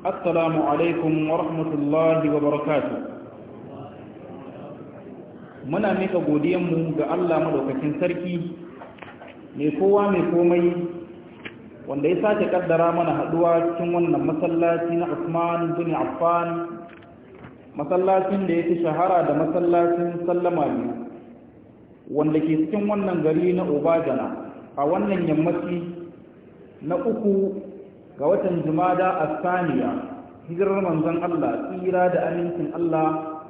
السلام عليكم rahmatullahi wa وبركاته muna mika mu ga Allah madaukakin sarki mai kowa mai komai wanda ya sake ƙaddara mana haɗuwa cikin wannan masallaci na Usman bin Affan masallacin da ya fi shahara da masallacin sallama biyu wanda ke cikin wannan gari na Obajana a wannan yammaci na uku ga watan jumada Saniya, hijirar manzon Allah tsira da amincin Allah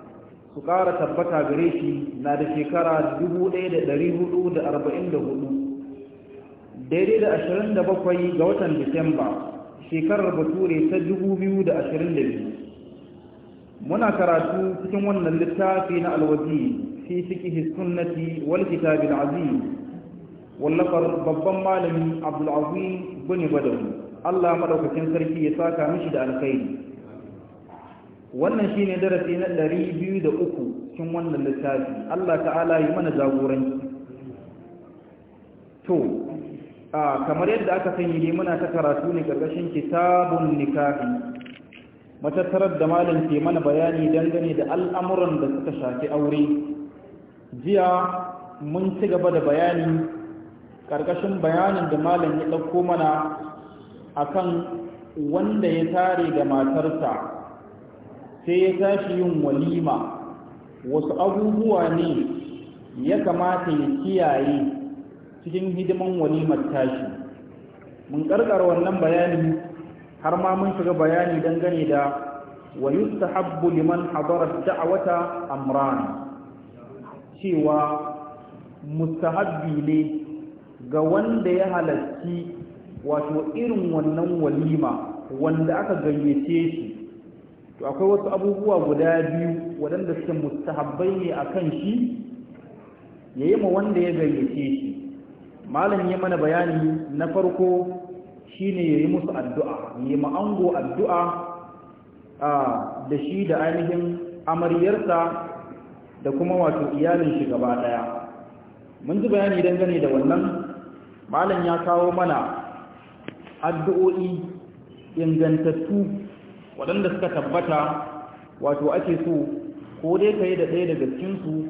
su ƙara tabbata gare shi na da shekara 1444 daidai da bakwai ga watan disamba shekarar bature ta biyu. muna karatu cikin wannan littafi na alwazi fi fiqhi sunnati wal kitabil azim wallafar babban malami abdul azim bin badawi Allah madaukakin sarki ya saka mishi da alkhairi wannan shine darasi na ɗari biyu da uku cikin wannan littafi Allah ta'ala yi mana jagoranci to a kamar yadda aka sanyi ne muna ta karatu ne ƙarƙashin kitabun nikahi matattarar da malam ke mana bayani dangane da al'amuran da suka shafi aure jiya mun ci gaba da bayani ƙarƙashin bayanin da malam ya ɗauko mana akan wanda ya tare da matarsa sai ya tashi yin walima wasu abubuwa ne ya kamata ya kiyaye cikin hidiman walimar tashi mun karkar wannan bayani har ma mun shiga bayani dangane da wa yustahabbu liman hadara da'wata amran cewa mustahabbi ne ga wanda ya halarci wato irin wannan walima wanda aka gayyace shi to akwai wasu abubuwa guda biyu waɗanda suke mustahabbai ne a kan shi ya yi ma wanda ya gayyace shi malam ya mana bayani na farko shine ya yi musu addu'a ya ma ango addu'a da shi da ainihin amaryarsa da kuma wato iyalin shi gaba ɗaya mun ji bayani dangane da wannan malam ya kawo mana addu'o'i ingantattu waɗanda suka tabbata wato ake so ko dai ka yi da ɗaya daga cikinsu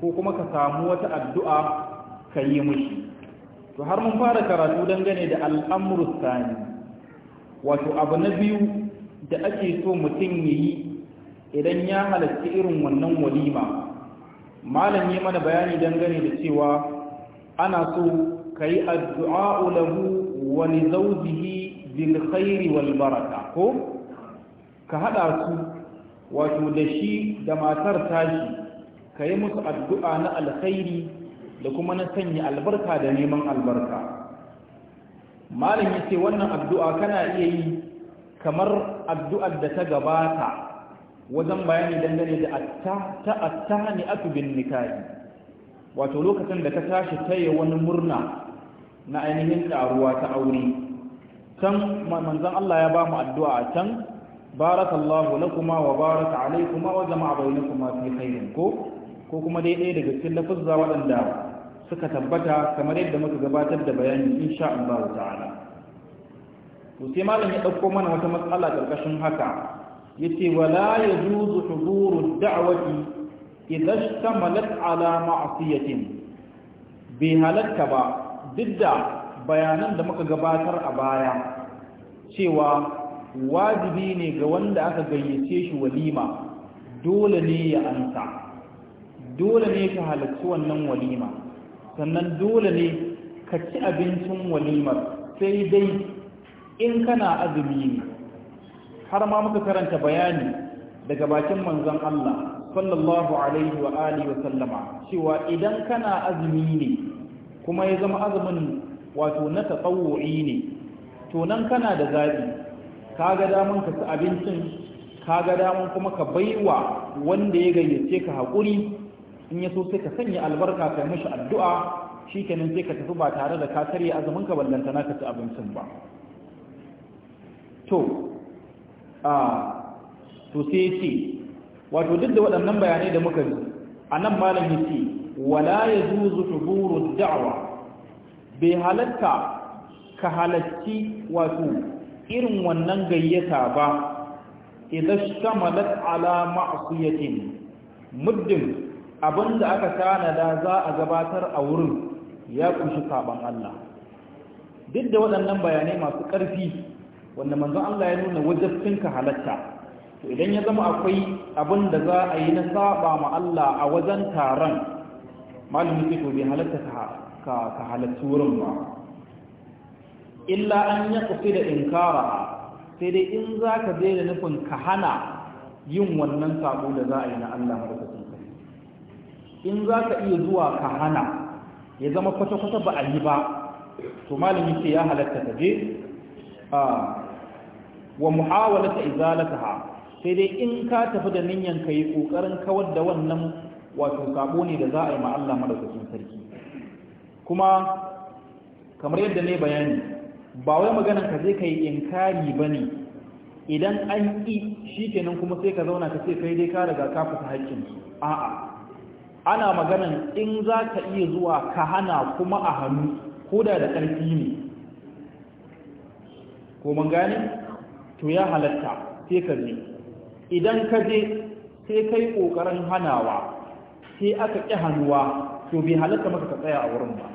ko kuma ka samu wata addu'a ka yi mushi to har mun fara karatu dangane da al'amuru sani wato abu na biyu da ake so mutum ya yi idan ya halarci irin wannan walima malam yi mana bayani dangane da cewa ana so ka yi addu'a lahu Wani zaujihi zawjihi bil baraka ko ka haɗa su wato da shi da matar tashi ka yi musu addu'a na alkhairi da kuma na sanya albarka da neman albarka malam ya ce wannan addu'a kana iya yi kamar addu'ar da ta gabata wajen bayani dangane da ta attahani atubin nikahi wato lokacin da ka tashi taya wani murna na ainihin karuwa ta aure can manzan Allah ya ba mu addu'a can barakallahu kuma wa baraka alaykuma wa jama'a bainakuma fi khairin ko ko kuma dai daga cikin lafuzza waɗanda suka tabbata kamar yadda muka gabatar da bayani insha Allah ta'ala to sai malam ya ɗauko mana wata matsala ƙarƙashin haka ya wala yajuzu huduru da'wati idza ishtamalat ala ma'siyatin bai halatta ba duk da bayanan da muka gabatar a baya cewa wajibi ne ga wanda aka gayyace shi walima dole ne ya ansa dole ne ka halarci wannan walima sannan dole ne ka ci abincin walimar sai dai in kana azumi ne har ma muka karanta bayani daga bakin manzon Allah sallallahu alaihi wa alihi wa sallama cewa idan kana azumi ne kuma ya zama azumin wato na tsawo'i ne to nan kana da zaɓi ka ga damun ka ci abincin ka ga damun kuma ka baiwa wanda ya gayyace ka haƙuri in ya so sai ka sanya albarka kai mishi addu'a shi kenan sai ka tafi ba tare da ka karya azumin ka na ka ci abincin ba to a to sai ce wato duk da waɗannan bayanai da muka ji a nan malam ya ce wala ya zuzu huburu da'awa bai halatta ka halarci wato irin wannan gayyata ba idan shamalat ala ma'asiyatin muddin abinda aka tanada za a gabatar a wurin ya kunshi saban Allah duk da waɗannan bayanai masu ƙarfi wanda manzon Allah ya nuna wajabcin ka halatta to idan ya zama akwai abin da za a yi na saba ma Allah a wajen taron malamin yake to bai halatta ka halatta wurin ba illa an ya kufi da inkara sai dai in za ka je da nufin ka hana yin wannan sabo da za a yi na Allah madaukakin in za ka iya zuwa ka hana ya zama kwata-kwata ba a yi ba to malami yake ya halatta ka je wa muhawalata izalataha sai dai in ka tafi da ninyan ka yi kokarin kawar da wannan wato sabo ne da za a yi ma Allah madaukakin sarki kuma kamar yadda ne bayani ba wai maganan ka zai kai inkari bane idan an yi shikenan kuma sai ka zauna ka ce kai dai ka riga ka fita haƙƙin a'a ana maganan in za ka iya zuwa ka hana kuma a hannu ko da da ƙarfi ne ko mun gane to ya halatta sai ka je idan ka je sai kai ƙoƙarin hanawa sai aka ƙi hannuwa to bai halatta maka ka tsaya a wurin ba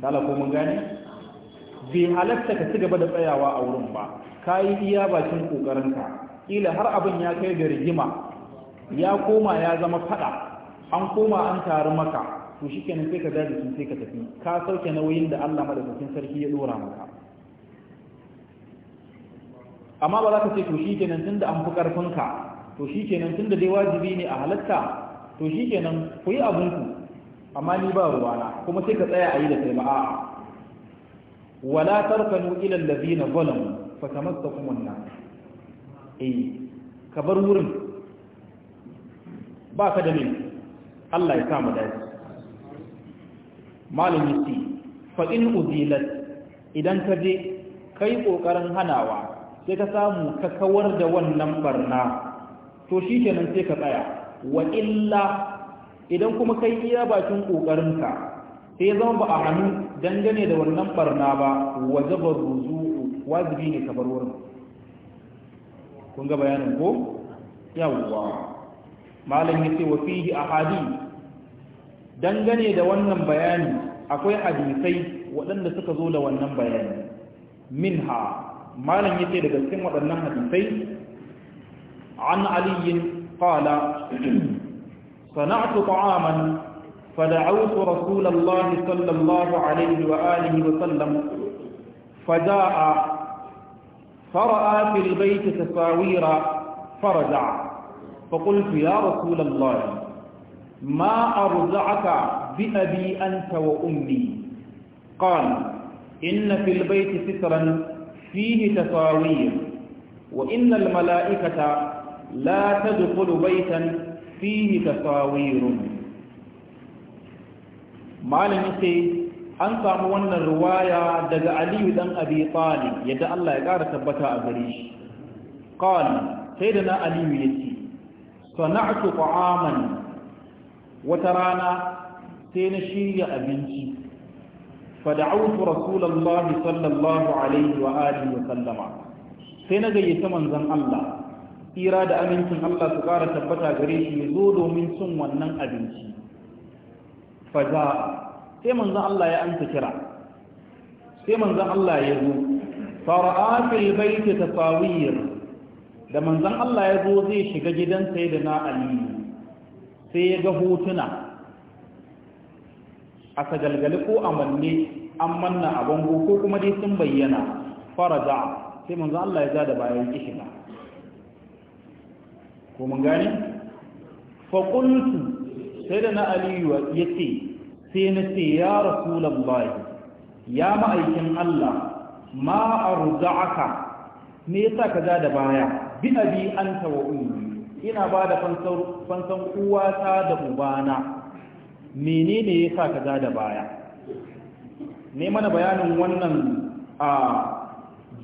dala ko mun gane bai halatta ka ci gaba da tsayawa a wurin ba ka yi iya bakin ƙoƙarinka ƙila har abin ya kai da rigima ya koma ya zama faɗa an koma an taru maka to shi kenan sai ka da jikin sai ka tafi ka sauke nauyin da allah madaukakin sarki ya ɗora maka amma ba za ka ce to shi kenan tun da an fi ƙarfinka to shi kenan tun da dai wajibi ne a halatta to shi kenan ku yi abinku amma ni ba ruwana kuma sai ka tsaya a yi da kai a'a wala tarkanu ila allazina zalamu fatamassakum an-nar eh ka bar wurin ba ka da min Allah ya sa mu dace malami ce fa in udilat idan ka je kai kokarin hanawa sai ka samu ka kawar da wannan barna to shi kenan sai ka tsaya wa illa idan kuma kai iya bakin ƙoƙarinka sai zama ba a hannu dangane da wannan barna ba ba ruzu wajibi ne ka bar wurin kun ga bayanin ko yawwa malam yace wa fihi ahadi dangane da wannan bayani akwai hadisai waɗanda suka zo da wannan bayani minha malam yace daga cikin waɗannan hadisai عن علي قال صنعت طعاما فدعوت رسول الله صلى الله عليه وآله وسلم فجاء فرأى في البيت تساوير فرجع فقلت يا رسول الله ما أرجعك بأبي أنت وأمي قال إن في البيت سترا فيه تساوير وإن الملائكة la tadkhulu baitan fihi tasawirun malami ce an samu wannan ruwaya daga aliyu dan abi talib yadda Allah ya ƙara tabbata a gare shi qala sai da na aliyu yace sana'tu ta'aman wata rana sai na shirya abinci fada'utu rasulullahi sallallahu alaihi wa alihi wa sallama sai na gayyaci manzon Allah tsira da amincin Allah su ƙara tabbata gare shi zo domin cin wannan abinci faza sai manzan Allah ya amsa kira sai manzan Allah ya zo fara'a fil baiti tasawir da manzan Allah ya zo zai shiga gidan sayyidina Ali sai ya ga hotuna a sagalgali ko a manne an manna a bango ko kuma dai sun bayyana faraja sai manzan Allah ya ja da bayan ki ko mun gane faƙultu sai da na aliyu ya ce sai na ce ya rasulallah ya ma'aikin allah ma a ruza'aka me yasa ka za da baya bi abi an wa ummi ina ba da fansan uwata da ubana menene yasa ka za da baya ne mana bayanin wannan a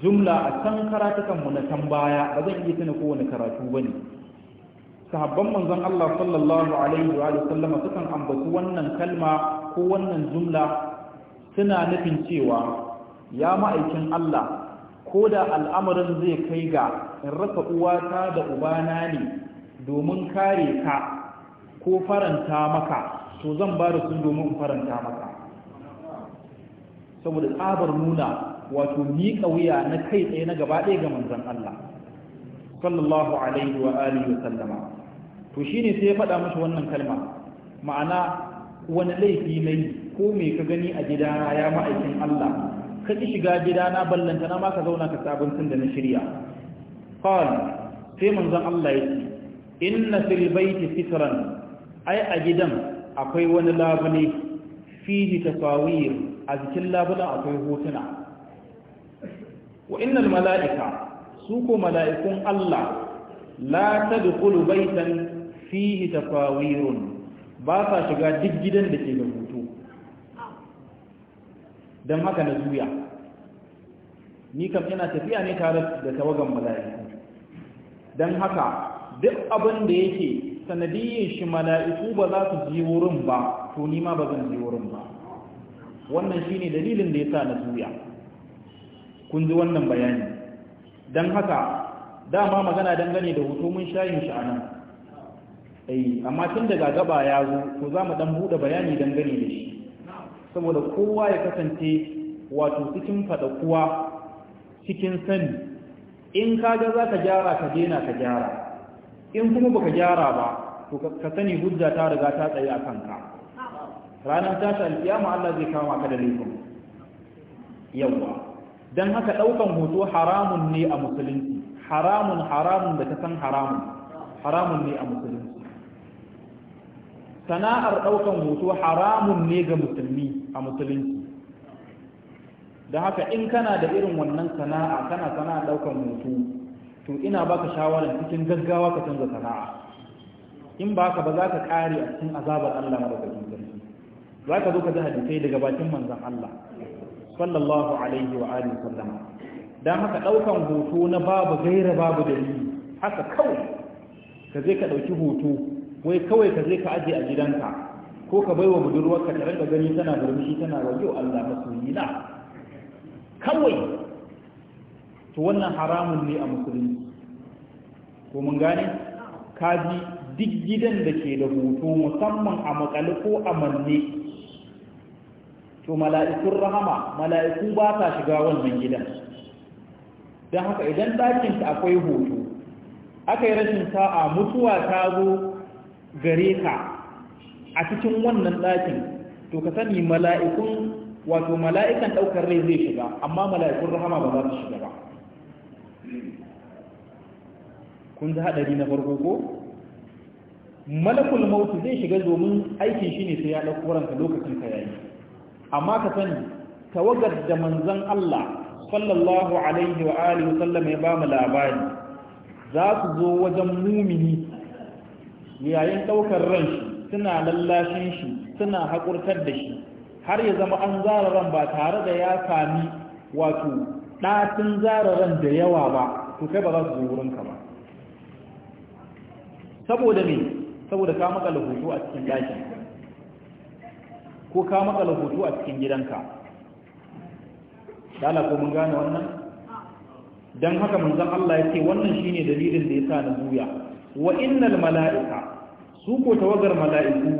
jumla a can karatukanmu na can baya ba zan iya tuna kowane karatu ba ne sahabban manzon Allah sallallahu alaihi wa sallama sukan ambaci wannan kalma ko wannan jumla suna nufin cewa ya ma'aikin Allah ko da al'amarin zai kai ga in rasa uwata da ubana ne domin kare ka ko faranta maka to zan ba da su domin in faranta maka saboda tsabar nuna wato miƙa wuya na kai tsaye na gaba ɗaya ga manzon Allah sallallahu alaihi wa alihi wa sallama to ne sai ya faɗa mashi wannan kalma ma'ana wani laifi na yi ko me ka gani a gidana ya ma'aikin Allah ka ci shiga gidana ballanta na ma ka zauna ka sabon da na shirya qal sai manzan Allah yake inna fil baiti sitran ai a gidan akwai wani labule ta tasawir a jikin labulan akwai hotuna wa innal mala'ika su ko mala'ikun Allah la tadkhulu baitan fihi tafawirun ba sa shiga duk gidan da ke da hoto don haka na zuya. ni kam ina tafiya ne tare da tawagan mala'iku don haka duk abin da yake sanadiyin shi mala'iku ba za su ji wurin ba to ni ma ba zan ji wurin ba wannan shine dalilin da ya sa na zuya. kun ji wannan bayani don haka dama magana dangane da hoto mun shayin shi a nan eh amma tun daga gaba ya zo to za mu dan bude bayani dangane da shi saboda kowa ya kasance wato cikin kuwa cikin sani in ka ga za ka gyara ka daina ka gyara in kuma baka gyara ba to ka sani hujja ta riga ta tsaye a kanka ranar ta alkiyama Allah zai kama ka da laifin yawa dan haka ɗaukan hoto haramun ne a musulunci haramun haramun da ta san haramun haramun ne a musulunci sana'ar ɗaukan hoto haramun ne ga musulmi a musulunci da haka in kana da irin wannan sana'a kana sana'a ɗaukan hoto to ina baka shawara cikin gaggawa ka canza sana'a in ba ka ba za ka ƙare a cikin azabar Allah madaukakin sarki za ka zo ka ji hadisai daga bakin manzon Allah sallallahu alaihi wa alihi sallam dan haka ɗaukan hoto na babu gaira babu dalili haka kawai ka je ka ɗauki hoto wai kawai ka je ka ajiye a gidanka ko ka baiwa budurwarka ta rinka gani tana burmishi tana yau, Allah na kawai to wannan haramun ne a musulunci ko mun gane ka ji duk gidan da ke da hoto musamman a makale ko a manne to mala'ikun rahama mala'iku ba ta shiga wannan gidan don haka idan ɗakinta akwai hoto aka yi rashin sa'a mutuwa ta zo gare ka a cikin wannan ɗakin to ka sani mala'ikun wato mala'ikan ɗaukar rai zai shiga amma mala'ikun rahama ba za su shiga ba kun ji haɗari na farko ko malakul mautu zai shiga domin aikin shi ne sai ya ɗauki ranka lokacin ka yayi amma ka sani tawagar da manzon Allah sallallahu alaihi wa alihi wa sallam ya ba mu labari za su zo wajen mumini yayin ɗaukar ran shi suna lallashin shi suna haƙurtar da shi har ya zama an zara ran ba tare da ya sami wato ɗatin zara ran da yawa ba to kai ba za su zo wurinka ba saboda me saboda ka maka lahoto a cikin ɗakin ko ka maka lahoto a cikin gidanka dala ko mun gane wannan dan haka manzon Allah ce wannan shine dalilin da yasa na zuya wa innal malaika su ko tawagar mala'iku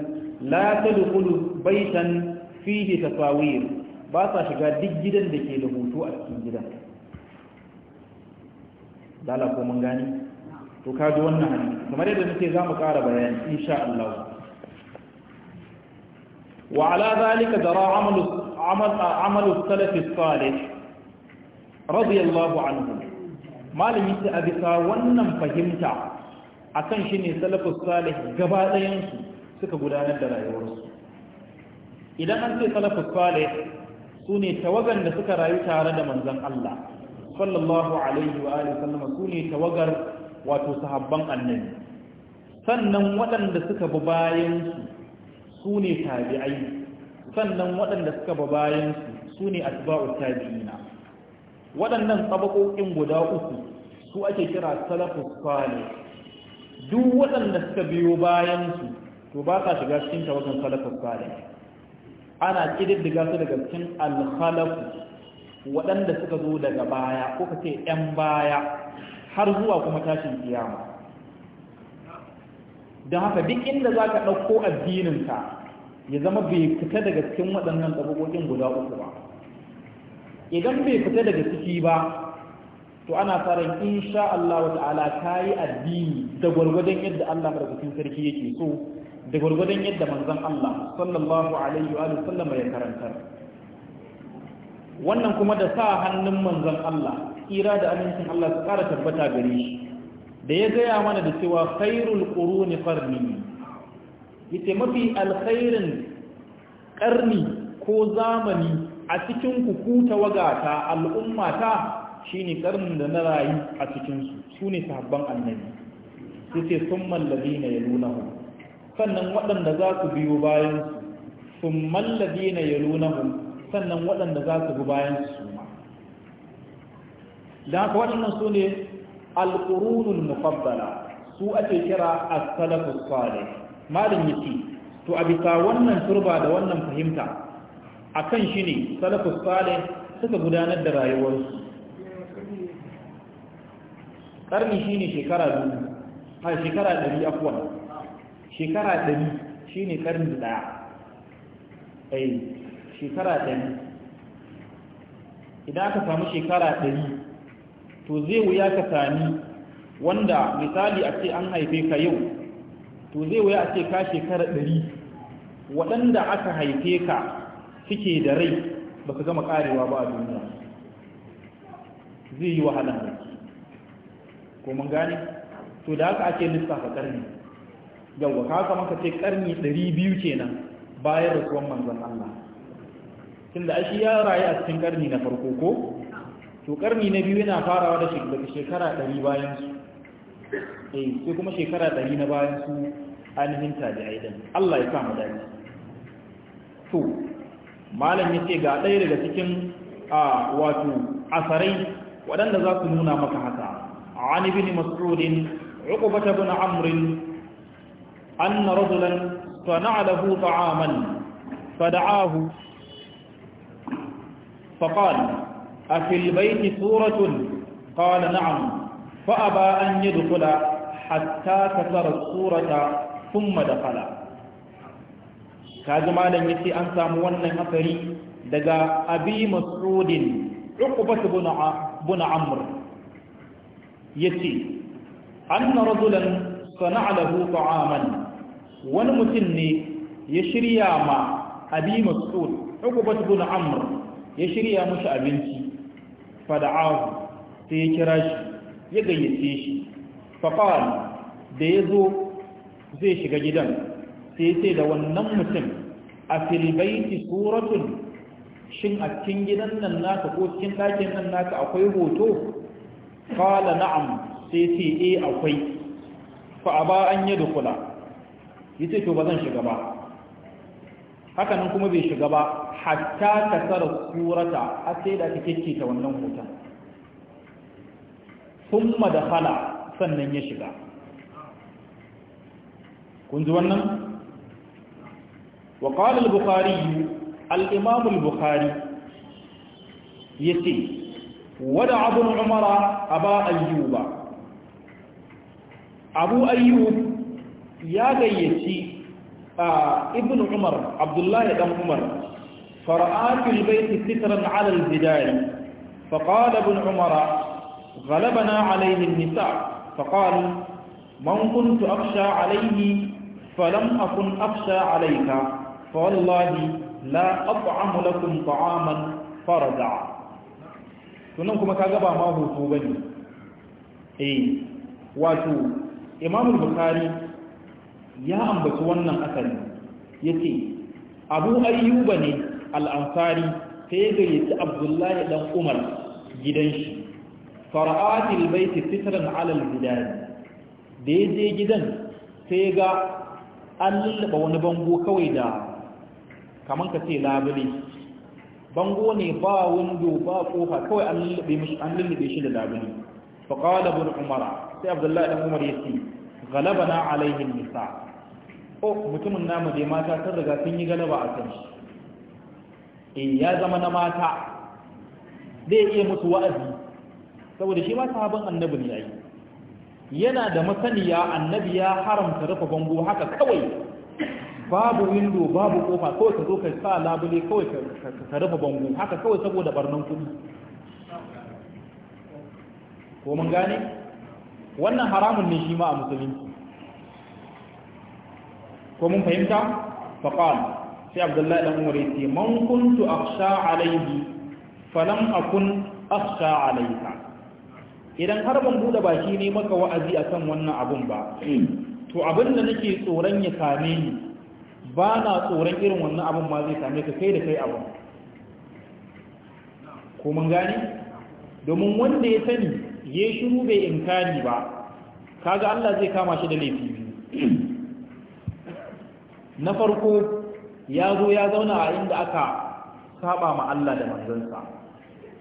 la tadkhulu baitan fihi tasawir ba sa shiga duk gidan da ke da hoto a cikin gidan dala ko mun gani to kaji wannan hadisi kamar yadda muke za mu ƙara bayani insha Allah wa ala zalika dara amalu amal amalu salaf salih radiyallahu anhu malami ta abisa wannan fahimta akan shi ne salafus salih gaba ɗayansu suka gudanar da rayuwarsu idan an ce salafus salih su ne tawagan da suka rayu tare da manzon Allah sallallahu alaihi wa alihi sallama su ne tawagar wato sahabban annabi sannan waɗanda suka bi bayansu su ne tabi'ai sannan waɗanda suka bi bayansu su ne atba'u tabi'ina waɗannan tsabakokin guda uku su ake kira salafus salih duk waɗanda suka biyo bayansu to ba ka shiga cikin tawakan salafin fari ana ƙididdiga su daga cikin alhalafu waɗanda suka zo daga baya ko ka ce 'yan baya har zuwa kuma tashin kiyama don haka duk inda za ka ɗauko addininka ya zama bai fita daga cikin waɗannan tsabakokin guda uku ba idan bai fita daga ciki ba to ana fara insha Allah ta'ala kayi addini da gwargwadon yadda Allah madaukakin sarki yake so da gwargwadon yadda manzon Allah sallallahu alaihi wa sallam ya karantar wannan kuma da sa hannun manzon Allah tsira da amincin Allah su kara tabbata gare shi da ya gaya mana da cewa khairul quruni qarni yace mafi alkhairin ƙarni ko zamani a cikin kuku ku tawagata al'ummata ne karnin da na rayu a cikinsu su ne sahabban annabi su ce sun mallabi na hu sannan waɗanda za su biyo bayansu sun mallabi na hu sannan waɗanda za su bi bayansu su ma da haka waɗannan su ne alƙurunun mufabbala su ake kira a salafus salih malam yake to a bisa wannan turba da wannan fahimta A kan shi ne salafus salih suka gudanar da rayuwarsu ƙarni shi ne shekara dubu a shekara ɗari afuwa shekara ɗari shi ne ƙarni ɗaya ai eh, shekara ɗari idan aka samu shekara ɗari to zai wuya ka sami wanda misali a ce an haife ka yau to zai wuya a ce ka shekara ɗari waɗanda aka haife ka suke da rai ba su gama ƙarewa ba a duniya zai yi wahala ko mun gane to da haka ake lissafa karni yawwa ka haka ka ce karni 200 kenan bayan rasuwan manzon Allah da ashi ya rayu a cikin karni na farko ko to karni na biyu yana farawa da shekara 100 bayan su eh sai kuma shekara 100 na bayan su ainihin tabi'ai din Allah ya sa mu to malam yace ga ɗaya daga cikin a wato asarai waɗanda za su nuna maka haka عن ابن مسعود عقبة بن عمرو أن رجلا صنع له طعاما فدعاه فقال أفي البيت سورة قال نعم فأبى أن يدخل حتى كسر السورة ثم دخل كاجما لن يتي أن ساموانا أثري دقا أبي مسعود عقبة بن عمرو yace anna rajulan sana'a lahu ta'aman wani mutum ne ya shirya ma abi mas'ud uqbat ibn amr ya shirya mushi abinci fada'ahu sai ya kira shi ya gayyace shi faqal da ya zo zai shiga gidan sai sai da wannan mutum a fil suratun shin a cikin gidan nan naka ko cikin ɗakin nan naka akwai hoto kala na'am sai ce e akwai fa a ba an yi dukula ya ce to ba zan shiga ba hakanan kuma bai shiga ba hatta ta tsara surata har sai da ta ta wannan hoton sun da hala sannan ya shiga kun ji wannan وقال البخاري الإمام البخاري ce. wada abu umara aba ayyuba abu ayyub ya gayyaci a ibn umar abdullahi dan umar fara'a fil bayti sitran ala al-bidaya فقال ابن عمر غلبنا عليه النساء فقال من كنت أخشى عليه فلم أكن أخشى عليك فوالله لا أطعم لكم طعاما فرجع tunan kuma ka gaba ma hoto ba ne eh wato imamul bukari ya ambaci wannan asali ya ce abu ayyuba ne al'amfari ta ya gayyaci abdullahi dan umar gidan shi fara'atil baiti sitran alal bidari da ya je gidan sai ga an lullaba wani bango kawai da kamar ka ce labule bango ne ba wando ba kofa kawai an lullube mishi an lullube shi da labuni fa qala ibn umara sai abdullahi dan umar yace galabana alaihi nisa oh mutumin namu dai mata sun riga sun yi galaba a kan shi eh ya zama na mata zai iya musu wa'azi saboda shi ma sabon annabi ne yayi yana da masaniya annabi ya haramta rufe bango haka kawai babu windo babu kofa kawai ka zo ka sa labule kawai ka rufe bango haka kawai saboda barnan kuɗi ko mun gane wannan haramun ne shi ma a musulunci ko mun fahimta qal sai abdullahi dan umar yace man kuntu akhsha alayhi falam akun akhsha alayka idan har ban bude baki ne maka wa'azi akan wannan abun ba to abinda da nake tsoron ya same ni ba na tsoron irin wannan abin ma zai same ka kai da kai abin ko mun gane domin wanda ya sani ya shiru bai inkari ba kaga Allah zai kama shi da laifi na farko ya zo ya zauna a inda aka saba ma Allah da manzansa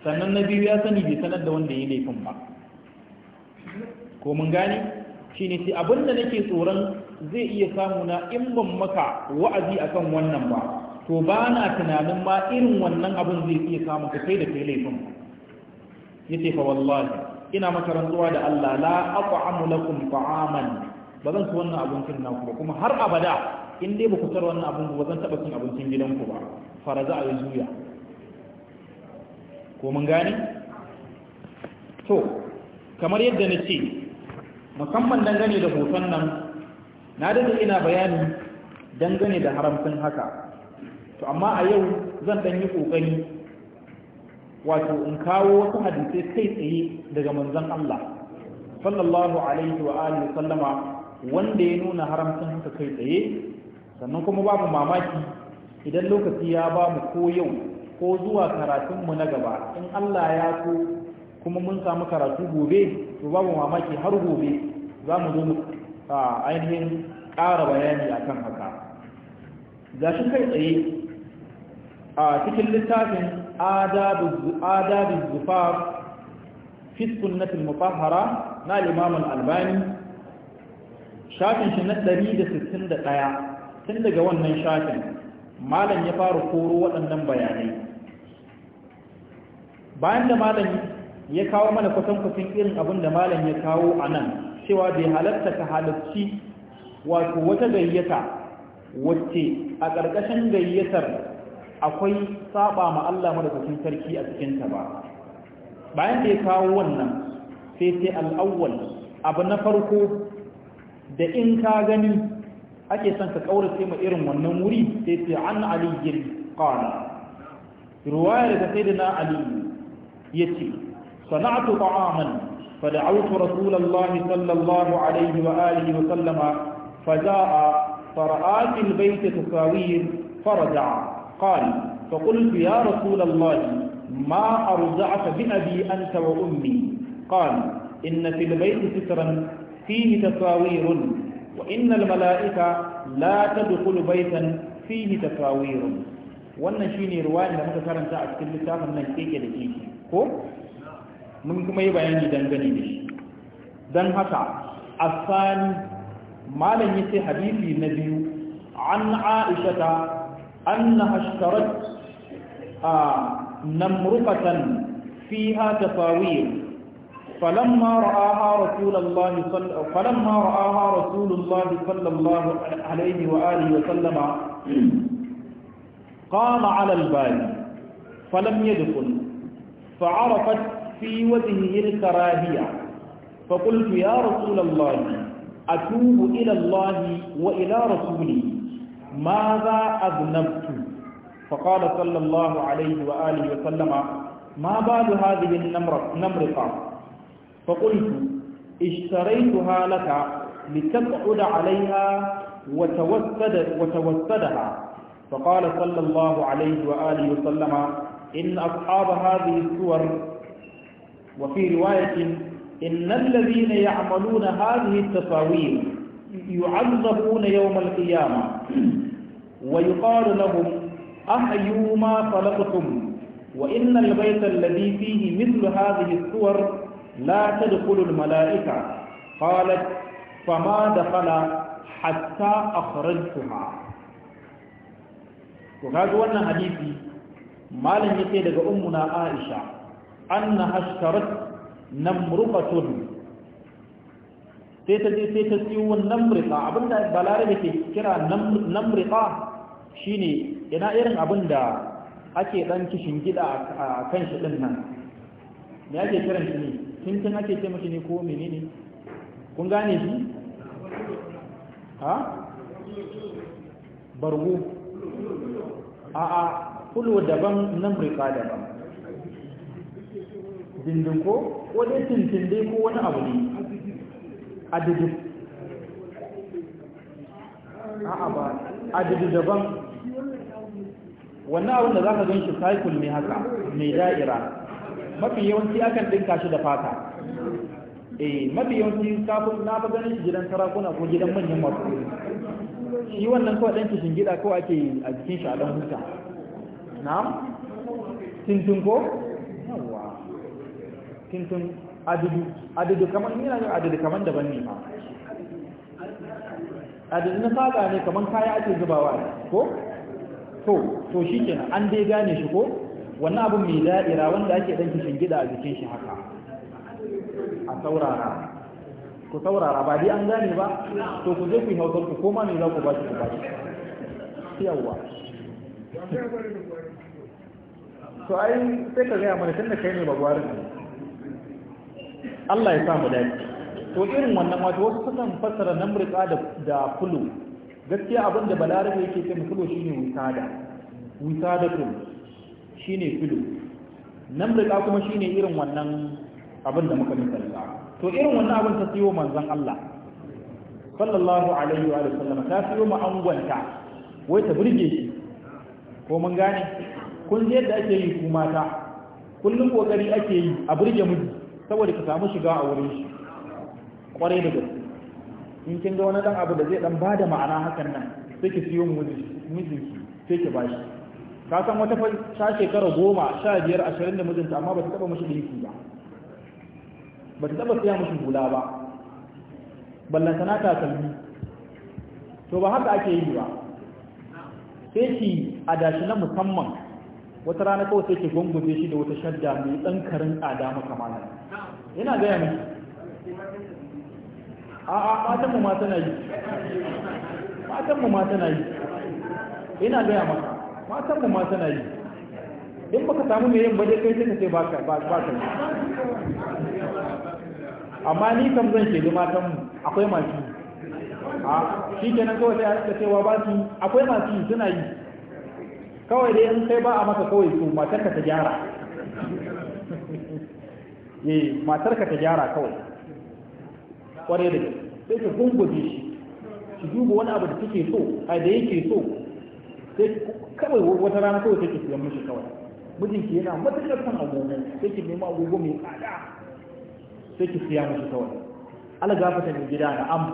sannan na biyu ya sani bai sanar da wanda ya laifin ba ko mun gane shi ne sai abinda nake tsoron zai iya samu na in ban maka wa'azi akan wannan ba to ba na tunanin ma irin wannan abin zai iya samu ka kai da kai laifin ce fa wallahi ina maka rantsuwa da Allah la at'amu lakum ta'aman ba zan ci wannan abincin ku ba kuma har abada in dai ba ku tar wannan abin ba zan taba cin abincin gidanku ba faraza a juya ko mun gane to kamar yadda na ce musamman dangane da hoton nan na daga ina bayani dangane da haramcin haka to amma a yau zan dan yi kokari wato in kawo wasu hadisai kai tsaye daga manzon Allah sallallahu alaihi wa alihi sallama wanda ya nuna haramcin haka kai tsaye sannan kuma babu mamaki idan lokaci ya ba mu ko yau ko zuwa karatunmu na gaba in Allah ya so kuma mun samu karatu gobe to babu mamaki har gobe za mu zo mu A ainihin ƙara bayani akan haka ga shi kai tsaye a cikin littafin adabin zufar fiskun na filmufahara na limamin albani shafin shi na 161 tun daga wannan shafin malam ya fara koro waɗannan bayanai bayan da malam ya kawo mana kwatankwacin irin abin da malam ya kawo a nan cewa bai halatta ka halarci wato wata gayyata wacce a ƙarƙashin gayyatar akwai saba ma Allah madaukakin sarki a cikinta ba bayan da ya kawo wannan sai sai al'awwal abu na farko da in ka gani ake son ka kaurace ma irin wannan wuri sai sai an aliyyir qala ruwaya daga sayyidina ali yace sana'atu ta'aman فدعوت رسول الله صلى الله عليه وآله وسلم فجاء فرآ في البيت تصاوير فرجع قال فقلت يا رسول الله ما أرجعت بأبي أنت وأمي قال إن في البيت سترا فيه تصاوير وإن الملائكة لا تدخل بيتا فيه تصاوير wannan shine ruwayan da muka karanta a cikin littafin nan keke da keke ko mun kuma yi bayani dangane da shi don haka asani malam yace hadisi na biyu an aishata annaha a namrukatan fiha tafawir فلما رآها رسول الله صلى فلما رآها رسول الله صلى الله عليه وآله وسلم قام على الباب فلم يدخل فعرفت fi wajhihi al-karahiya fa ya rasul allah atubu ila wa ila rasuli za adnabtu fa qala sallallahu alayhi wa alihi wa sallama ma balu hadhihi al-namra fa qultu ishtaraytuha laka لتبعد عليها وتوسد وتوسدها فقال صلى الله عليه وآله وسلم إن أصحاب هذه الصور وفي رواية إن الذين يعملون هذه التصاوير يعذبون يوم القيامة ويقال لهم أحيوا ما خلقتم وإن البيت الذي فيه مثل هذه الصور لا تدخل الملائكة قالت فما دخل حتى أخرجتها وهذا وانا حديثي ما لن أمنا عائشة annaha ishtarat namruqatun sai ta je sai ta siyo namriqa abinda balarabe ke kira namriqa shine yana irin abinda ake dan kishin gida a kan shi din nan me ake kiran shi ne tuntun ake ce mashi ne ko menene kun gane shi ha bargu a a kulo daban namriqa daban dindin ko wani tintin dai ko wani abu ne adadin a'a ba adadin daban wannan abin da za ka gan shi cycle ne haka mai da'ira mafi yawanci akan dinka shi da fata eh mafi yawanci kafin na fi ganin shi gidan sarakuna ko gidan manyan masu shi wannan kawai ɗan shingida ko ake a jikin shi a ɗan huta na'am tintin ko tintin adadu adudu kaman yana yin adadu kaman daban ne ba adadu na saga ne kaman kaya ake zubawa ko to to shikenan an dai gane shi ko wannan abun mai da'ira wanda ake ɗan kishin gida a jikin shi haka a saurara ku saurara ba dai an gane ba to ku je ku yi ku koma ne za ku ba shi ku ba shi yawwa to ai sai ka gaya mana tun da kai ne ba ne Allah ya samu dace to irin wannan wato wasu sukan fassara namrika da da fulu gaskiya abin da balarabe yake ce fulu shine wisada wisadatun shine fulu namrika kuma shine irin wannan abin da muka misalta to irin wannan abin ta siyo manzon Allah sallallahu alaihi wa sallam ta siyo mu angwanta wai ta burge shi ko mun gane kun je da ake yi kuma ta kullun kokari ake yi a burge miji saboda ka samu shiga a wurin shi kwarai da gaske in kin ga wani dan abu da zai dan bada ma'ana hakan nan sai ki siyo ki sai ki bashi ka san wata fa ta shekara goma sha biyar ashirin da mijinta amma ba ta taba mishi dinki ba ba ta taba siya mishi hula ba ta takalmi to ba haka ake yi ba sai ki adashi na musamman wata rana kawai sai ki gungume shi da wata shadda mai ɗan karin tsada maka yana gaya miki a a matanmu ma tana yi matanmu ma tana yi yana gaya maka matanmu ma tana yi in baka samu mai yin baje kai sai ce ba ka yi amma ni kam zan ke matanmu akwai masu yi a shi nan kawai sai a rika cewa ba su akwai masu yi suna yi kawai dai in kai ba a maka kawai su matarka ta gyara eh matarka ta gyara kawai kwarai da sai ki gungube shi shi duba wani abu da kike so a da yake so sai kawai wata rana kawai take siyan mishi kawai mijinki yana matuƙar son agogo sai ki nemi agogo mai tsada sai ki siya mishi kawai Al-Gafata ne gida na am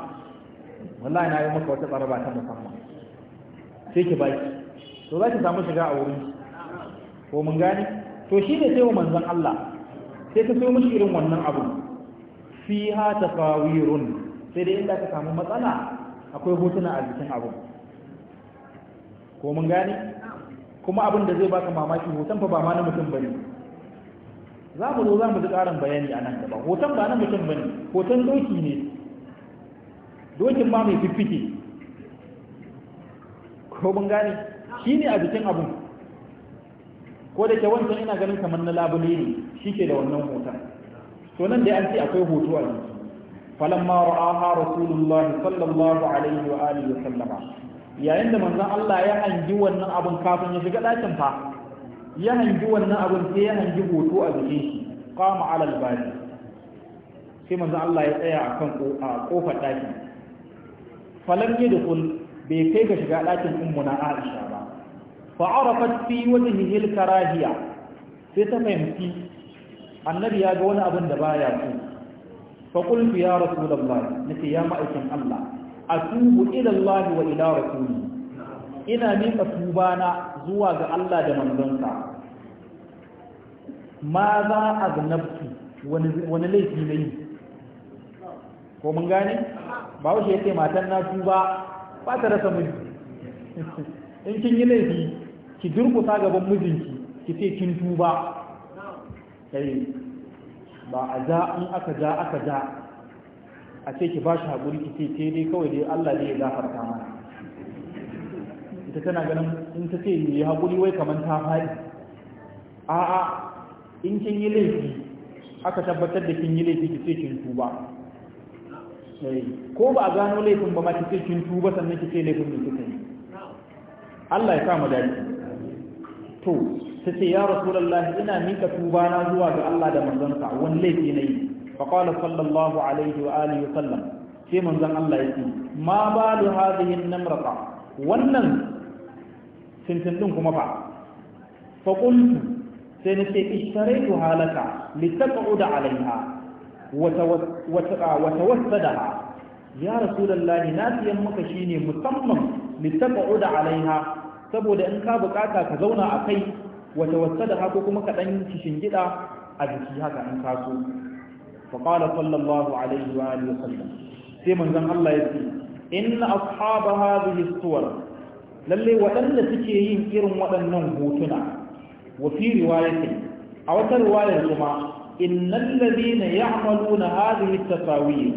wallahi na yi maka wata tsaraba ta musamman sai ki baki to za ki samu shiga a wurin ko mun gane to shi ne sai wa manzon Allah sai ka so mashi irin wannan abu ta tafawirun sai dai inda ka samu matsala akwai hotuna a jikin abu ko mun gane kuma abin da zai baka mamaki hoton fa ba ma na mutum bane za mu zo za mu ji ƙarin bayani a nan gaba hoton ba na mutum bane hoton doki ne dokin ma mai fiffike ko mun gane shi ne a jikin abun ko da ke wancan ina ganin kamar na labule ne shi ke da wannan hoton to nan dai an ce akwai hoto a jiki falamma ra'aha rasulullahi sallallahu alaihi wa alihi wa sallama yayin da manzon Allah ya hangi wannan abun kafin ya shiga ɗakin fa ya hangi wannan abun sai ya hangi hoto a jikin shi qama ala albani sai manzon Allah ya tsaya akan kofar ɗakin falam yadkhul bai kai ga shiga ɗakin ummu na Aisha ba fa'arafat fi wajhihi al-karahiya sai ta fahimci annabi ya ga wani abin da baya so fa qultu ya rasulullah nace ya ma'aikin Allah atubu ila Allah wa ila rasuli ina miƙa zuwa ga Allah da manzonsa ma za aznabtu wani laifi na yi ko mun gane ba wuce ya matan na tuba ba ta rasa miji in kin yi laifi ki durkusa gaban mijinki ki ce kin tuba kai ba a ja in aka ja aka ja a ce ki ba shi haƙuri ki ce ke dai kawai dai Allah ne ya gafarta mana ita tana ganin in ta ce yi haƙuri wai kamar ta faɗi a'a in kin yi laifi aka tabbatar da kin yi laifi ki ce kin tuba ko ba a gano laifin ba ma ki ce kin tuba sannan ki ce laifin da kuka yi Allah ya sa mu dace to ta ce ya rasulullahi ina mika tuba na zuwa ga Allah da manzonsa wani laifi na yi fa qala sallallahu alaihi wa alihi wa sallam sai manzon Allah ya ce ma balu hadhihi namrata wannan tintin din kuma fa fa qultu sai na ce ishtaraitu halaka litaqud alaiha wa tawassadaha ya rasulullahi na siyan maka shine musamman litaqud alaiha saboda in ka bukata ka zauna a kai wata wasa da haka kuma ka ɗan kishin gida a jiki haka in ka so fa qala sallallahu alaihi wa alihi wasallam sai manzon Allah ya ce inna ashaba hadhihi suwar lalle waɗanda suke yin irin waɗannan hotuna wa fi riwayatin a wata riwayar kuma innal ladina ya'maluna hadhihi at-tasawir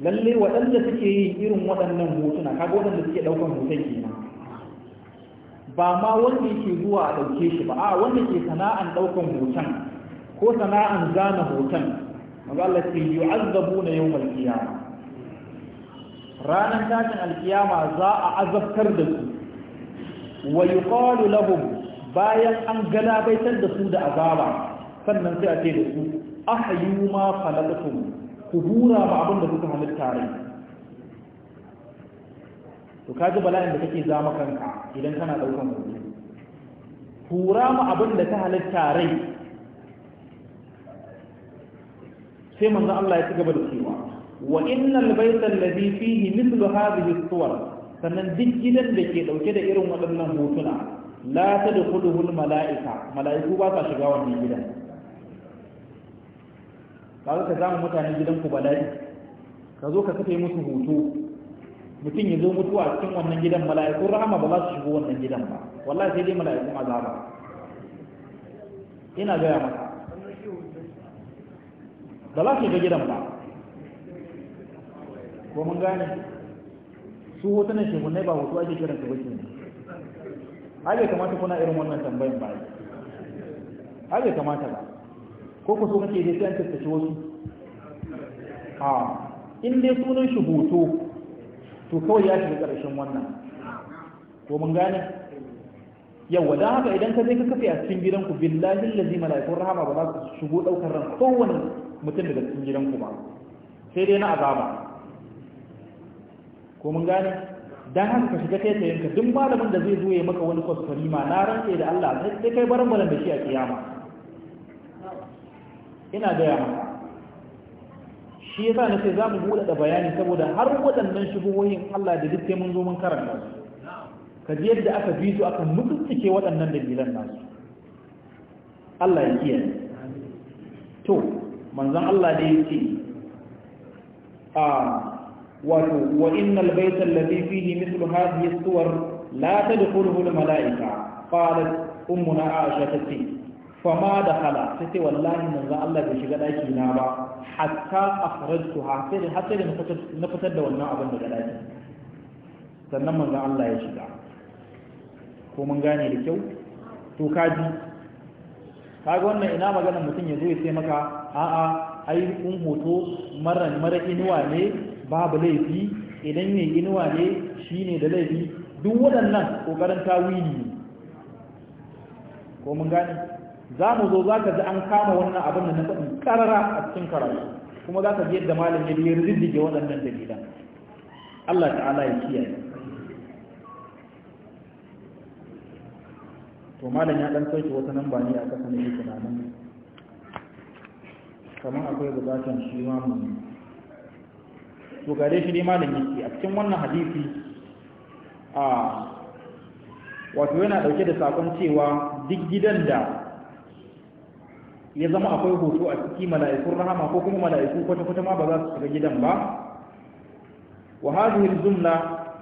lalle waɗanda suke yin irin waɗannan hotuna kaga waɗanda suke ɗaukan hoton kenan ba ma wanda yake zuwa a ɗauke shi ba a wanda ke sana'an ɗaukan hoton ko sana'an zana hoton maza Allah ce yi azabu na yau malkiyama ranar tashin alkiyama za a azabtar da su wa yi lahum bayan an galabaitar da su da azaba sannan sai a ce da su ahayu ma falakatum ku hura ma abin da suka halitta tare. to kaji bala'in da kake zama kanka idan kana daukan wani hura mu abin da ta halitta rai sai manzo Allah ya ci gaba da cewa wa innal bayta alladhi fihi mithlu hadhihi as-suwar sannan duk gidan da ke dauke da irin waɗannan hotuna la tadkhuluhu al-mala'ika mala'iku ba sa shiga wannan gidan zo ka zama mutane gidan ku bala'i ka zo ka kafe musu hoto mutum ya zo mutuwa a cikin wannan gidan mala'ikun rahama ba za su shigo wannan gidan ba wallahi sai dai mala'ikun azaba ina gaya maka ba za su shiga gidan ba ko mun gane su hotunan shekunai ba hoto ake kiran su ba ne ake kamata kuna irin wannan tambayin ba ake kamata ba ko ku so kake dai sai an tattace wasu a ah, in dai sunan shi hoto to kawai ya shiga ƙarshen wannan ko mun gane yawa don haka idan ka je ka kafe a cikin gidanku billahi lazi mala'ikun rahama ba za su shigo ɗaukar ran kowane mutum daga cikin gidanku ba sai dai na azaba ko mun gane Dan haka ka shiga kai tsayenka duk malamin da zai zo ya maka wani kwaskwari ma na rantse da Allah sai kai baran da shi a kiyama ina da shi yasa ce za mu buɗe bayani saboda har waɗannan shubuhohin Allah da duk sai mun zo mun karanta su ka ji yadda aka bi su aka mutuntuke waɗannan dalilan nasu Allah ya kiyaye to manzon Allah da yake a wato wa innal bayta alladhi fihi mithlu hadhihi suwar la tadkhuluhu al-mala'ika qalat ummuna aisha tace fama dakhala tace wallahi manzon Allah bai shiga daki na ba hatta akhrajtuha sai hatta da na fitar da wannan abin daga daki sannan manzo Allah ya shiga ko mun gane da kyau to kaji kaga wannan ina magana mutum ya zo ya sai maka a'a ai kun hoto mara mara inuwa ne babu laifi idan ne inuwa ne shine da laifi duk waɗannan kokarin tawili ne ko mun gane za mu zo za ka ji an kama wannan abin da na faɗi karara a cikin karatu kuma za ka ji yadda malam ya biyar zirgige waɗannan dalilan Allah ta'ala ya kiyaye to malam ya ɗan sauke wata ba ne a ƙasa na yi tunanin kamar akwai bukatan shi ma mu to gare shi ne malam ce a cikin wannan hadisi a wato yana ɗauke da sakon cewa duk gidan da ya zama akwai hoto a ciki mala'ikun rahama ko kuma mala'iku kwata-kwata ma ba za su shiga gidan ba wa hadhihi al-jumla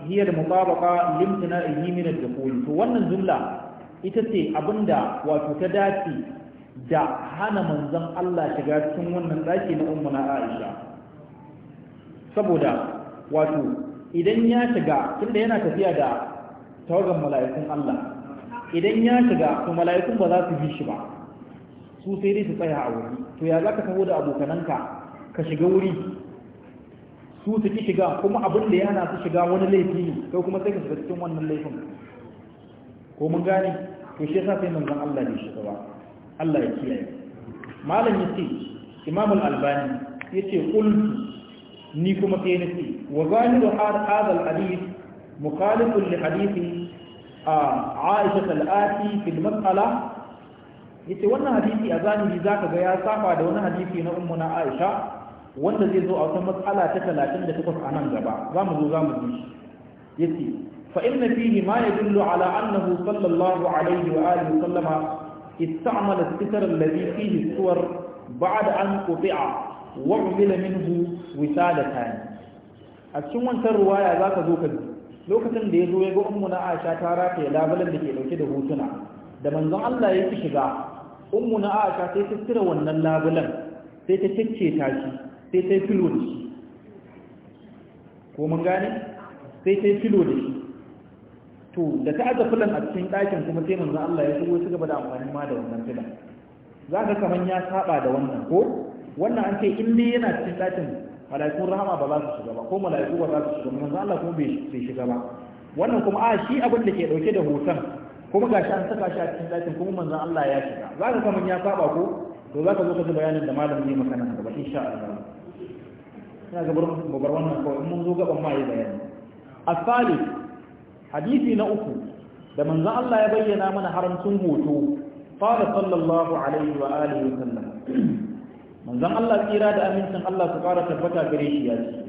hiya al-mutabaqa limtina'ihi min ad-dukhul to wannan zumla ita ce abinda wato ta dace da hana manzon Allah shiga cikin wannan daki na ummu na Aisha saboda wato idan ya shiga tunda yana tafiya da tawagan mala'ikun Allah idan ya shiga to mala'ikun ba za su bi shi ba su sai dai su tsaya a wuri to ya za ka kawo da abokananka ka shiga wuri su su ki shiga kuma abin da yana su shiga wani laifi ne kai kuma sai ka shiga cikin wannan laifin ko mun gane to shi yasa sai manzon Allah ne shiga ba Allah ya kiyaye malam yace Imam al-Albani yace kul ni kuma sai na wa zahiru hadha al-hadith mukhalifun li hadithi Aisha al-Ati fi al-mas'ala yace wannan hadisi a zahiri zaka ga ya safa da wani hadisi na ummuna na Aisha wanda zai zo a wata matsala ta talatin takwas a nan gaba mu zo za mu shi yace fa inna fihi ma yadullu ala annahu sallallahu alaihi wa alihi wa sallama استعمل الستر الذي فيه الصور بعد أن a cikin wancan وسادتان أتشون ترواية zo ذوك lokacin da ya zo ya ga ummuna na Aisha ta rataye labulan da ke dauke da hotuna da manzon Allah ya ki shiga ummu na aisha sai ta cire wannan labulan sai ta cece ta shi sai ta yi filo da shi ko mun gane sai ta yi filo da shi to da ta aza filan a cikin ɗakin kuma sai manzo Allah ya shigo shiga gaba da amfani ma da wannan filan za ka kaman ya saba da wannan ko wannan an ce in dai yana cikin ɗakin mala'ikun rahama ba za su shiga ba ko mala'iku ba za su shiga manzo Allah kuma bai shiga ba wannan kuma a shi abin da ke dauke da hoton kuma gashi an saka shi a cikin ɗakin kuma manzon Allah ya shiga za ka kaman ya saba ko to za ka zo ka ji bayanin da malamin ne maka nan gaba insha Allah ina gabar gabar wannan ko in mun zo gaban ma yi bayani asali hadisi na uku da manzon Allah ya bayyana mana haramcin hoto qala sallallahu alaihi wa alihi wa sallam manzon Allah tsira da amincin Allah su fara tabbata gare shi ya ce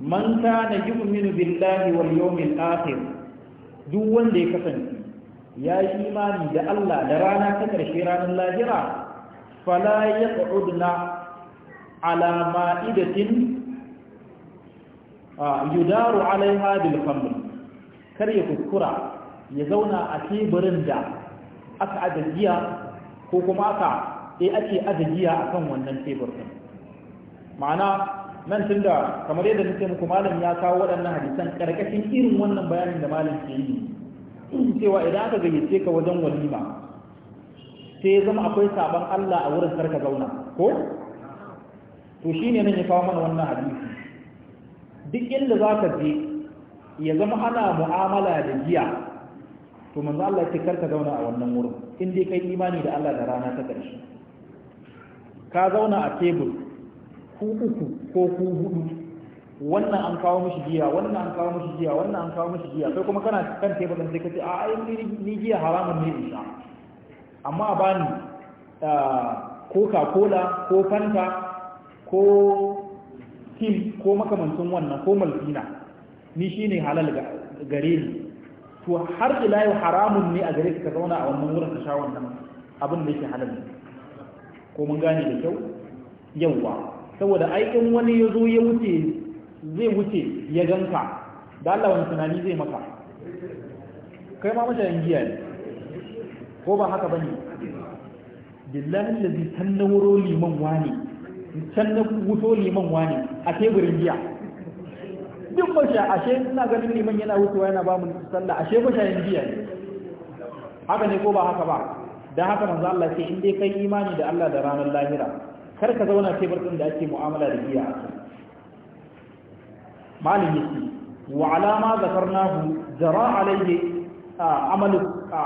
man kana yu'minu billahi wal yawmil akhir duk wanda ya kasance ya yi imani da Allah da rana ta ƙarshe ranar lahira fala ya ƙa'udna alama idatin yudaru alaiha bil kar ya kuskura ya zauna a teburin da aka ajajiya ko kuma aka ɗai eh, ake a akan wannan teburin. ma'ana nan tun da kamar yadda nufin kuma malam ya kawo waɗannan hadisan ƙarƙashin irin wannan bayanin da malam ke yi cewa idan aka gayyace ka wajen walima sai ya zama akwai sabon Allah a wurin karka zauna ko to shine nan ya kawo mana wannan hadisi duk inda ka je ya zama ana mu'amala da giya to manzo Allah ya ce karka zauna a wannan wurin in dai kai imani da Allah da rana ta karshe ka zauna a tebur ku uku ko ku hudu wannan an kawo mishi giya wannan an kawo mishi giya wannan an kawo mishi giya sai kuma kana kan teburin din sai ka ce a ni giya haramun ne in sha amma a bani coca cola ko fanta ko tim ko makamantun wannan ko malfina ni shine halal gare ni to har ila yau haramun ne a gare ka zauna a wannan wurin ka sha wannan abin da yake halal ko mun gane da kyau yawwa saboda aikin wani ya zo ya wuce zai wuce ya ganka da Allah wani tunani zai maka kai ma mashayin giya ne ko ba haka bane billahi lazi can na wuro liman wani can na wuto liman wani a teburin giya duk masha ashe ina ganin liman yana wucewa yana ba mu sallah ashe mashayin giya ne haka ne ko ba haka ba dan haka manzo Allah ce in dai kai imani da Allah da ranar lahira kar ka zauna tebur din da ake mu'amala da giya a malin yake wa alama zakarnahu jara alayhi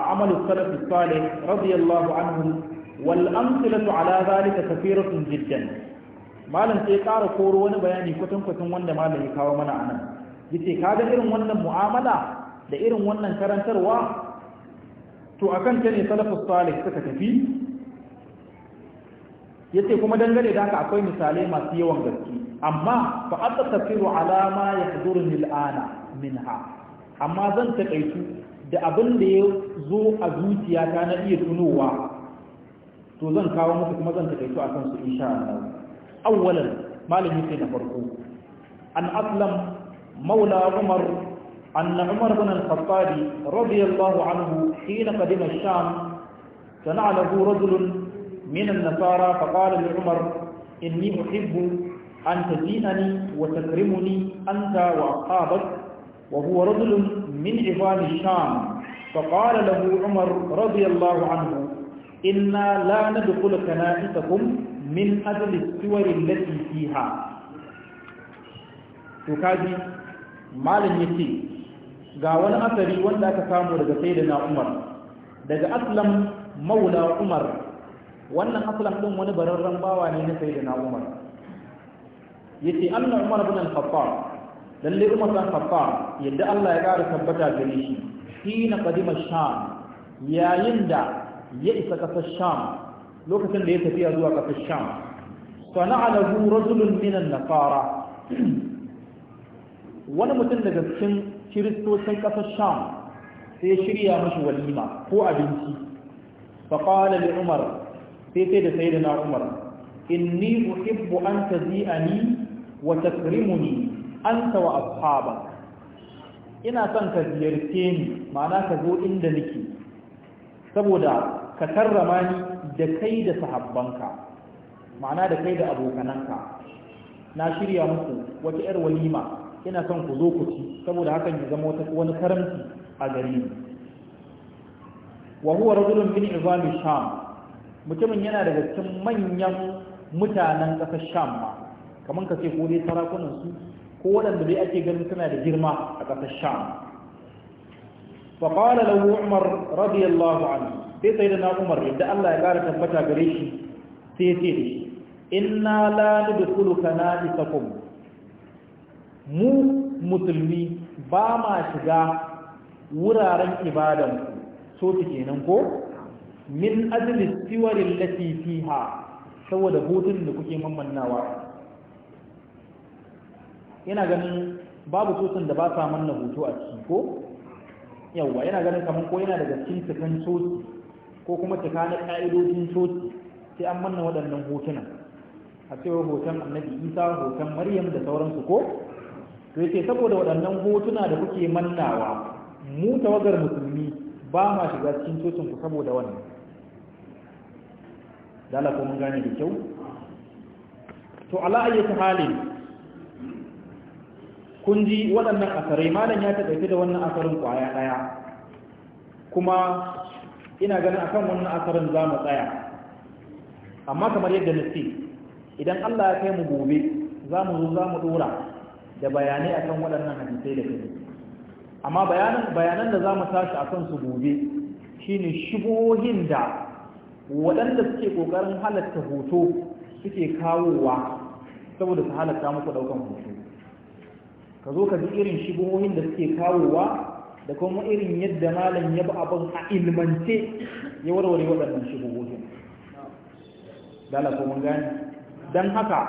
عمل السلف الصالح رضي الله عنهم والأمثلة على ذلك كثيرة جدا malam sai ƙara koro wani bayani kwatankwatan wanda malam ya kawo mana anan yace kaga irin wannan mu'amala da irin wannan karantarwa to akan ta ne salafus salih suka tafi yace kuma dangane da haka akwai misalai masu yawan gaske amma fa an tafiru alama ya zuru nil'ana min ha amma zan taƙaitu da abin da ya zo a zuciya ta na iya tunowa to zan kawo muku kuma zan taƙaitu a kansu insha Allah awwalan malami sai na farko an aslam maula umar an umar bin al-khattab radiyallahu anhu hina qadima sham sana'a lahu rajulun min an-nasara fa qala umar inni uhibbu an ta zinani wa ta karimuni an wa ƙabar wa huwa rajulun min ibanin sham fa ƙara lahu umar radiyallahu anhu inna la na dukula kana ita min ajali tiwarin lati fiha to kaji malam ya ce ga wani asari wanda aka kama daga sai da na umar daga aslam maula umar wannan aslam ɗin wani bararren bawa ne na sai da na umar yace anna umar ibn al-khattab lalle umar ibn al-khattab yadda Allah ya ƙara tabbata gare shi na qadima sham yayin da ya isa kasar sham lokacin da ya tafiya zuwa kasar sham sana'a lahu rajulun min an-nasara wani mutum daga cikin kiristocin kasar sham sai shirya mashi walima ko abinci faqala li umar sai sai da sayyidina umar inni uhibbu an tazi'ani wa takrimuni anta wa ashabaka ina son ka ziyarce ni ma'ana ka zo inda nake saboda ka karrama ni da kai da sahabbanka ma'ana da kai da abokananka na shirya muku wata 'yar walima ina son ku zo ku ci saboda hakan ya zama wani karamci a gare ni wa huwa rajulun min izami sham mutumin yana daga cikin manyan mutanen ƙasar sham ma kamar ka ce ko dai sarakunan su ko waɗanda dai ake ganin suna da girma a ƙasar sham fa qala lahu umar radiyallahu anhu sai na umar yadda Allah ya kara tabbata gare shi sai ya ce inna la nadkhulu kanaisakum mu musulmi ba ma shiga wuraren ibadanku so kenan ko min ajli siwarin lati fiha saboda hutun da kuke mamannawa yana ganin babu tsotsin da ba sa manna hoto a ciki ko yawwa yana ganin kamar ko yana daga cikin cikin sosi ko kuma cika na ƙa'idojin sosi sai an manna waɗannan hotuna a cewa hoton annabi isa hoton maryam da sauransu ko to yake saboda waɗannan hotuna da kuke mannawa mu tawagar musulmi ba ma shiga cikin cocin ku saboda wannan dala ko mun gane da kyau to ala ayyata halin kun ji waɗannan asarai malam ya taɗaice da wannan asarin ƙwaya ɗaya kuma ina ganin akan wannan asarin za mu tsaya amma kamar yadda na ce idan Allah ya kai mu gobe za mu zo za mu ɗora da bayanai akan waɗannan hadisai da kai amma bayanan da za mu tashi akan su gobe shine shigohin da waɗanda suke ƙoƙarin halatta hoto suke kawowa saboda su halatta muku ɗaukan hoto ka zo ka ji irin shigohin da suke kawowa da kuma irin yadda malam ya bi abin a ilmance ya warware waɗannan shigohin dala ko mun gane don haka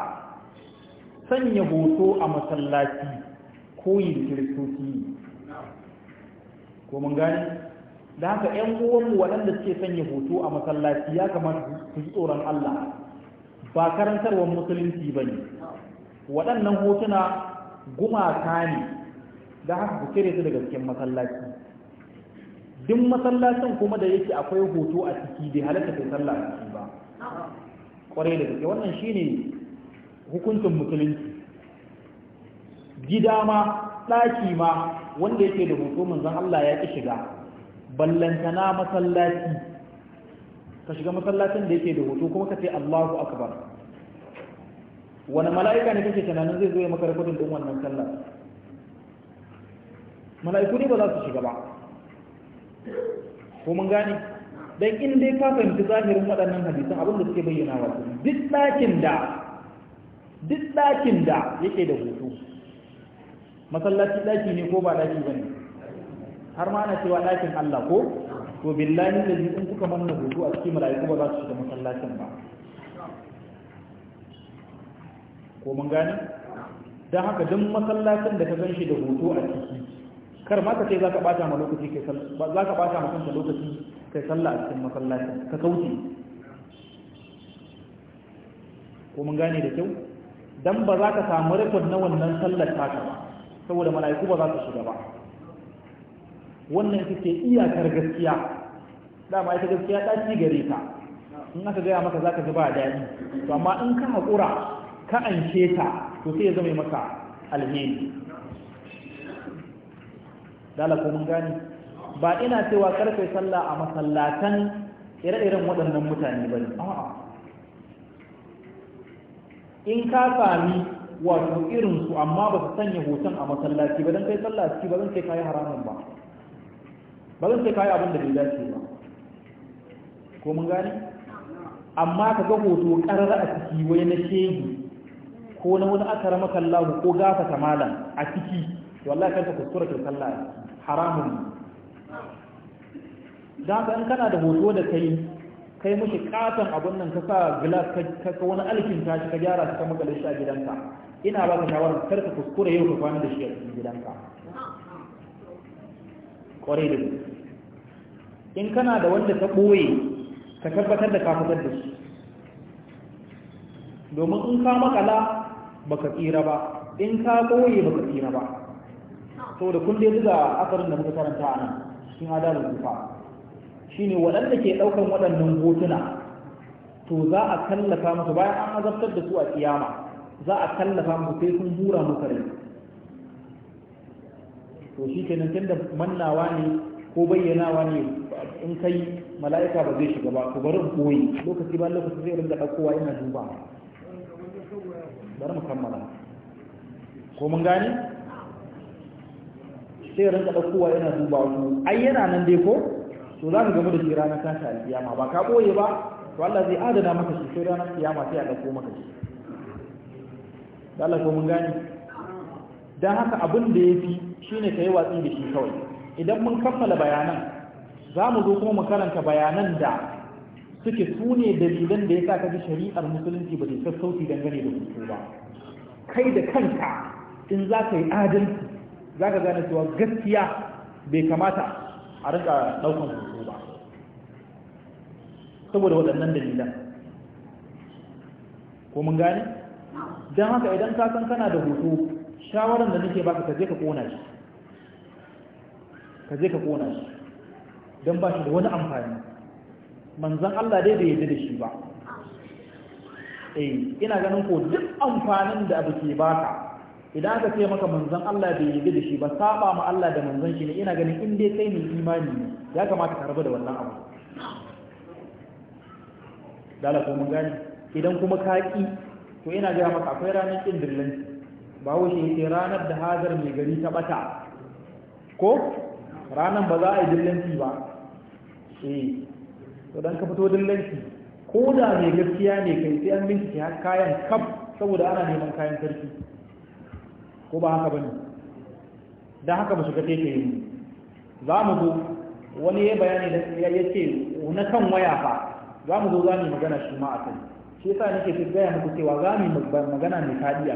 sanya hoto a masallaci koyin kiristoci ko mun gane da haka ‘yan uwanmu waɗanda suke sanya hoto a masallaci ya kamata su ji tsoron Allah ba karantarwar musulunci ba ne waɗannan hotuna gumaka ne da haka ku kere su daga cikin masallaci duk masallacin kuma da yake akwai hoto a ciki bai halatta kai sallah a ciki ba kwarai da gaske wannan shine hukuncin musulunci gida ma ɗaki ma wanda yake da hoto manzon Allah ya ki shiga ballantana masallaci ka shiga masallacin da yake da hoto kuma ka ce Allahu akbar wani mala'ika ne kake tunanin zai zo ya maka rikodin din wannan sallah mala'iku ne ba za su shiga ba ko mun gane dan in dai ka fahimci zahirin waɗannan hadisan abin da suke bayyana wa duk ɗakin da duk ɗakin da yake da hutu masallaci ɗaki ne ko ba ɗaki ba ne har ma ana cewa ɗakin Allah ko to billahi da in kuka manna hutu a cikin mala'iku ba za su shiga masallacin ba ko mun gane don haka duk masallacin da ka ganshi da hoto a ciki kar ma ka ce za ka bata ma lokaci kai za ka bata ma kanka lokaci kai sallah a cikin masallacin ka kauce ko mun gane da kyau dan ba za ka samu rikon na wannan sallar taka ba saboda mala'iku ba za su shiga ba wannan kike ce iyakar gaskiya dama ita gaskiya ci gare ka in aka gaya maka za ka ji ba daɗi to amma in ka haƙura ka an ta to sai ya zama maka alheri dala ko mun gani ba ina cewa karfe sallah a masallatan ire-iren waɗannan mutane ba ne a'a in ka sami wato irinsu amma ba su sanya hoton a masallaci ba don kai sallah ba zan kai kayi haramun ba ba zan kai kayi abin da bai dace ba ko mun gane amma ka ga hoto ƙarar a ciki wai na shehu ko na wani aka rama Allah ko gafa ta malam a ciki wallahi kanta kuskura ta sallah haramun da ka in kana da hoto da kai kai mushi katon abun nan ka sa glass ka ka wani alkin ta shi ka gyara shi ka maka shi a gidanka ina ba ka shawarar kar ka kuskura yau ka kwana da shi a gidanka kwarai da in kana da wanda ka ɓoye ka tabbatar da ka fitar da shi domin in ka makala baka tsira ba in ka koyi baka tsira ba da kun dai duka asarin da muka karanta a nan cikin adalin kufa shine waɗanda ke ɗaukar waɗannan hotuna to za a kallafa musu bayan an azabtar da su a kiyama za a kallafa musu sai sun hura musu rai to shi kenan tunda mannawa ne ko bayyanawa ne in kai mala'ika ba zai shiga ba ku bari in koyi lokaci ba lokaci zai rinka ɗaukowa ina duba bari mu kammala ko mun gane sai rinka ɗaukowa yana duba su ai yana nan dai ko to za mu gamu da shi ranar tashi alkiyama ba ka ɓoye ba to Allah zai adana maka shi sai ranar kiyama sai a ɗauko maka shi da Allah ko mun gane don haka abin da ya fi kai yi watsi da shi kawai idan mun kammala bayanan za mu zo kuma mu karanta bayanan da suke su ne dalilan da ya sa ka ji shari'ar musulunci ba ta sassauci dangane da hutu ba kai da kanka in za ka yi adalci za ka gane cewa gaskiya bai kamata a rika ɗaukan hutu ba saboda waɗannan dalilan ko mun gane don haka idan ka san kana da hutu shawaran da nake baka ka je ka kona shi ka je ka kona shi don ba shi da wani amfani manzan Allah dai bai yadda da shi ba eh ina ganin ko duk amfanin da abu ke baka idan aka ce maka manzan Allah bai yadda da shi ba saba ma Allah da manzan shi ne ina ganin in dai kai mai imani ne ya kamata ka rabu da wannan abu dala ko mun gani idan kuma ka ki to ina ga maka akwai ranar kin dillan ba wuce yace ranar da hazar mai gari ta bata ko ranar ba za a yi dillanci ba eh to dan ka fito dillanci ko da ne gaskiya ne kai sai an bincike har kayan kaf saboda ana neman kayan sarki ko ba haka bane dan haka ba su kake ke yi za mu zo wani ya bayani da ya ce na kan waya fa za mu zo za mu magana shi ma a kai shi yasa nake fi ga muku cewa za mu magana mai faɗi a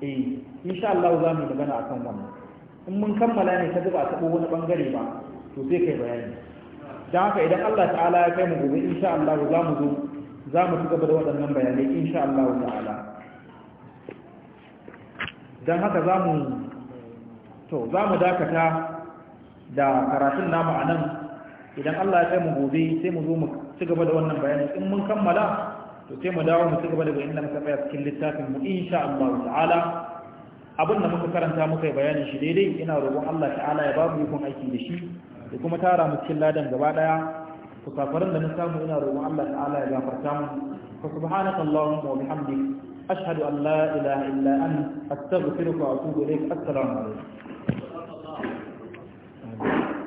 eh insha Allah za mu magana akan wannan in mun kammala ne ka zuba ta wani bangare ba to sai kai bayani don haka idan Allah ta'ala ya kai mu gobe insha Allah za mu zo za mu ci gaba da waɗannan bayanai insha Allah ta'ala don haka za mu to za mu dakata da karatun namu a nan idan Allah ya kai mu gobe sai mu zo mu ci gaba da wannan bayanin in mun kammala to sai mu dawo mu ci gaba da bayanin muka tsaya cikin littafin mu insha Allah ta'ala abin da muka karanta muka yi bayanin shi daidai ina roƙon Allah ta'ala ya yi ikon aiki da shi da kuma tara mu cikin ladan gaba daya safarin da na samu ina roƙon Allah ta'ala ya gafarta mu fa subhanaka allahumma wa bihamdik ashhadu an la ilaha illa anta astaghfiruka wa atubu ilaik assalamu alaikum